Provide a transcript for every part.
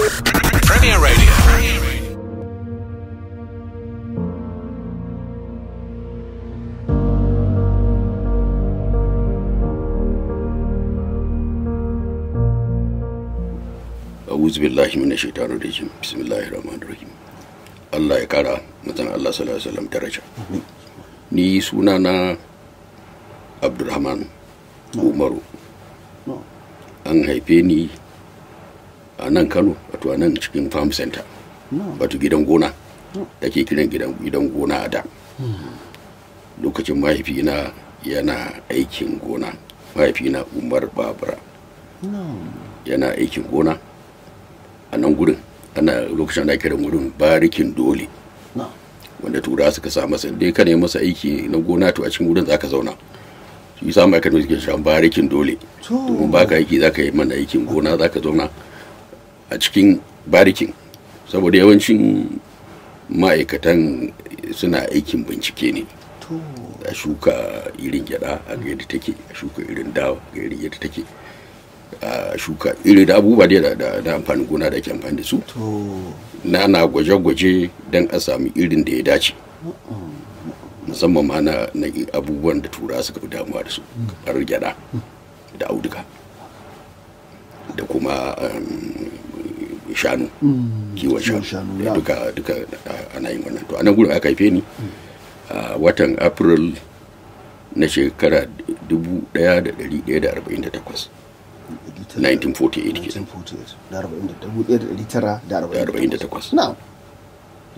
Premier Allah ya kara mutan Allah sallallahu alaihi wasallam daraja ni suna na Abdulrahman Umaru an haife ni a nan kano wato a nan cikin farm center wato gidan gona take kiran gidan gona a da hmm. lokacin mahaifina yana aikin gona mahaifina umar babura yana aikin gona a nan gurin ana lokacin da kiran gurin barikin dole wanda tura suka sa masa dai ka ne masa aiki na gona to a cikin gurin zaka zauna shi sa ka kano suke shan barikin dole domin baka aiki zaka yi mana aikin gona zaka zauna a cikin barikin saboda yawancin ma'aikatan suna aikin bincike ne a shuka irin gyada a ga yadda take a shuka irin dawa ga yadda take a shuka irin da abubuwa da da amfanin gona da ake amfani da su na na gwaje-gwaje don a sami irin da ya dace musamman ma na abubuwan da tura suka fi damuwa da su kamar gyada da auduga da kuma um, Mm. shanu kiwon shanu eh, duka duka ana yin wannan to anan gurin aka haife ni mm. a watan april na shekara 1148 1948 na'am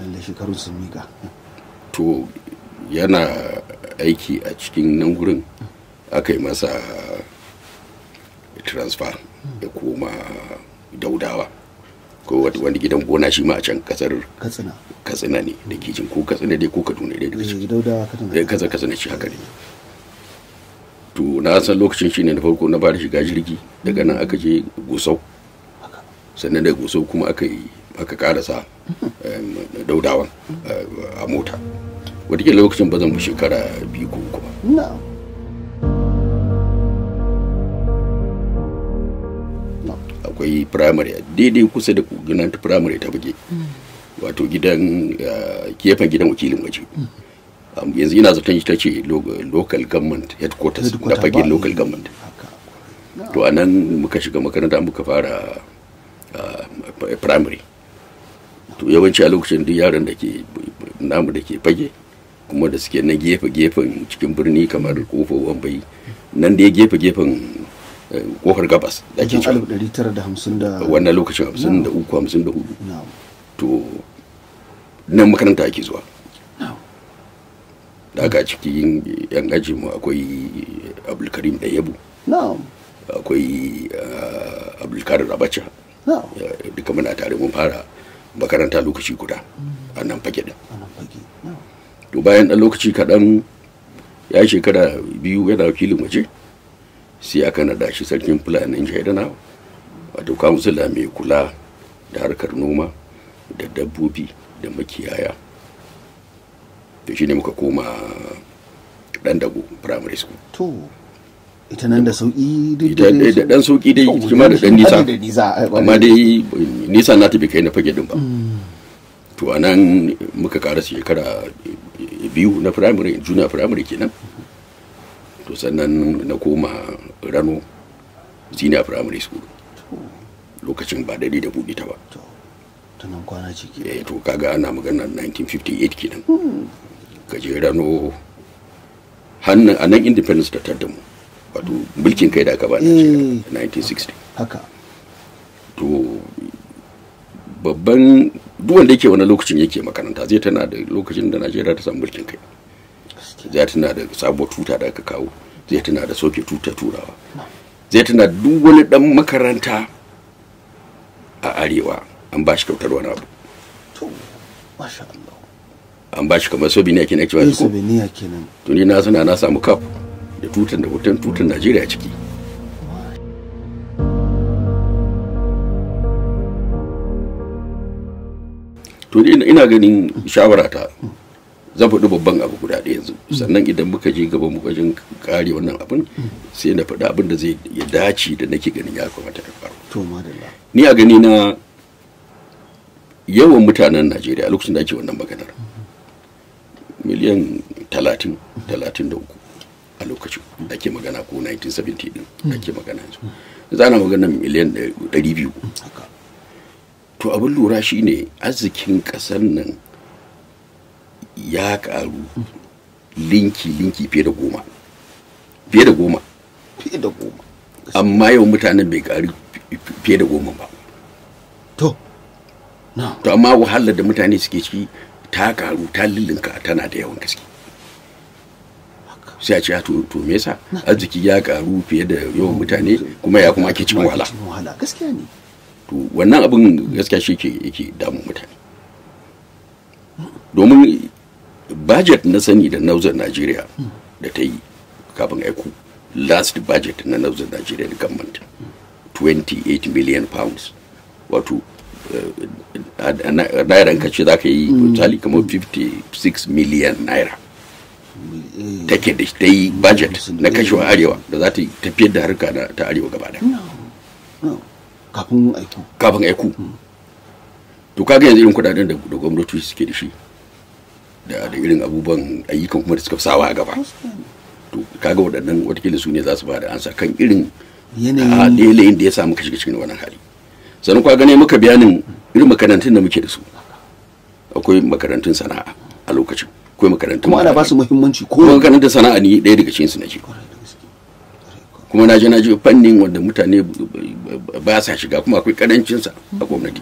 lalle shekarun sun miƙa to yana aiki a cikin nan gurin aka yi masa transfer ya koma daudawa ko wani gidan gona shi ma a can kasar katsina ne da kijin ko katsina dai ko kaduna dai daga eh, cikin dauda eh, katsina katsina shi haka ne to na san lokacin shi ne na farko na fara shiga jirgi daga nan aka je gusau sannan daga gusau kuma aka yi aka karasa daudawan eh, a mota wataƙila lokacin ba zan mu shekara biyu ko uku ba akwai primary daidai kusa da gunan ta primary ta buge wato gidan eh, gefen gidan wakilin waje yanzu ina zaton ta ce local government headquarters da fagen local government to a nan muka shiga makaranta muka fara eh, primary to yawanci a lokacin duk yaran da ke namu da ke fage kuma da suke na gefe-gefen cikin birni kamar kofar wambai nan da ya gefe-gefen kofar gabas da ake cewa wannan lokacin 53 54 to nan makaranta ake zuwa da aka cikin yan gaji mu akwai abulkarim da yabo akwai ah, abdulkarim abacha duka muna tare mun fara makaranta lokaci guda mm. a nan fage din to bayan dan lokaci kaɗan ya shekara biyu yana wakilin waje sai aka nada shi sarkin fulanin shaidana wato kansila mai kula da harkar noma da dabbobi da makiyaya da shi ne muka koma dan dago primary school to ita nan da sauki da dan sauki dai kima da dan nisa amma dai nisa na tafi kai na fage din ba mm. to anan muka karasa shekara biyu na primary junior primary kenan to sannan na koma rano zina primary school lokacin ba dare da buɗe ta ba tunan kwana ciki eh to kaga ana magana 1958 kenan gaje hmm. rano hannun a independence ta tar da mu wato mulkin kai da aka ba 1960 eh. haka to babban duk yake wani lokacin yake makaranta zai tana da lokacin da najeriya ta samu mulkin kai zai tuna da sabuwar tuta da aka kawo zai tuna da soke tuta turawa zai tuna duk wani dan makaranta a arewa an ba shi kyautar wani abu an ba shi kamar sobi ne kenan ake ko eh, to ni na suna na samu kaf da tutan da hoton tutan Najeriya ciki to ina ganin shawara ta zan faɗi babban abu guda ɗaya yanzu sannan idan muka je gaba muka jin kare wannan abin sai na faɗi abin da zai ya dace da nake ganin ya kamata da faru to ni a gani na yawan mutanen Najeriya lokacin da ake wannan maganar miliyan talatin talatin da uku a lokacin da ake magana ko 1970 din da ake magana yanzu yanzu ana magana miliyan ɗari biyu to abin lura shine arzikin ƙasar nan ya karu linki linki fiye da goma fiye da goma fiye da goma amma yau mutanen bai karu fiye da goma ba to na to amma wahalar da mutane suke ciki ta karu ta lullunka tana da yawan gaske sai a ce to to me yasa arziki ya karu fiye da yawan mutane kuma ya kuma ke cikin wahala gaskiya ne to wannan abin gaskiya shi ke yake damun mutane domin budget na sani da nauzar najeriya da ta yi kafin aiku last budget na nauzar najeriya da government 28 million pounds wato eh, eh, naira ka ce za ka yi mm. misali kamar 56 million naira take da ta yi budget na kashewa mm. arewa da za ta tafiyar da harka ta arewa gaba daya kafin aiku mm. to kaga yanzu irin kudaden da gwamnati suke da shi da irin abubuwan ayyukan kuma da suka fi sawa a gaba to kaga waɗannan watakila su ne za su ba da ansa kan irin yanayin ah, da ya samu kashi cikin wannan hali sannan kwa gane muka bayanin irin makarantun da muke da su akwai makarantun sana'a a lokacin akwai makarantun kuma ana ba su muhimmanci ko makarantun sana'a ne ɗaya daga cikin su nake kuma na je na je fannin wanda mutane ba sa shiga kuma akwai karancin sa a gwamnati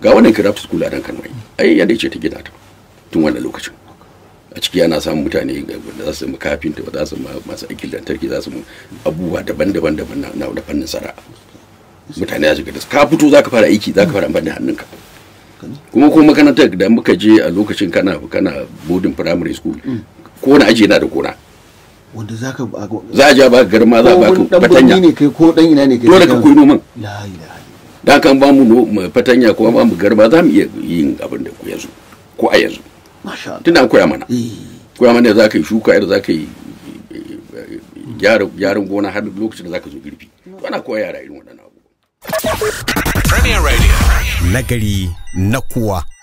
ga wannan craft school a nan Kano ai yadda ce ta gina ta tun wannan lokacin a ciki ana samun mutane da za su mu kafinta da za su masu aikin lantarki za su abubuwa daban-daban daban na fannin sara mutane za su ka fito za ka fara aiki za ka fara amfani da hannunka kuma ko makarantar da muka je a lokacin kana kana boarding primary school ko na aji yana da kona wanda za ka za a ja ba garma za a ka fatanya ko dan ina ne kai dole ka koyi noman dan kan ba mu fatanya kuma ba mu garma za mu iya yin abin da ku yanzu ko a yanzu tunda koya mana eh. koya mana za ka yi shuka yadda za ka yi gyaran gona har lokacin da za ka zo girbi ana koya yara irin waɗannan abubuwa Premier Radio nagari na kuwa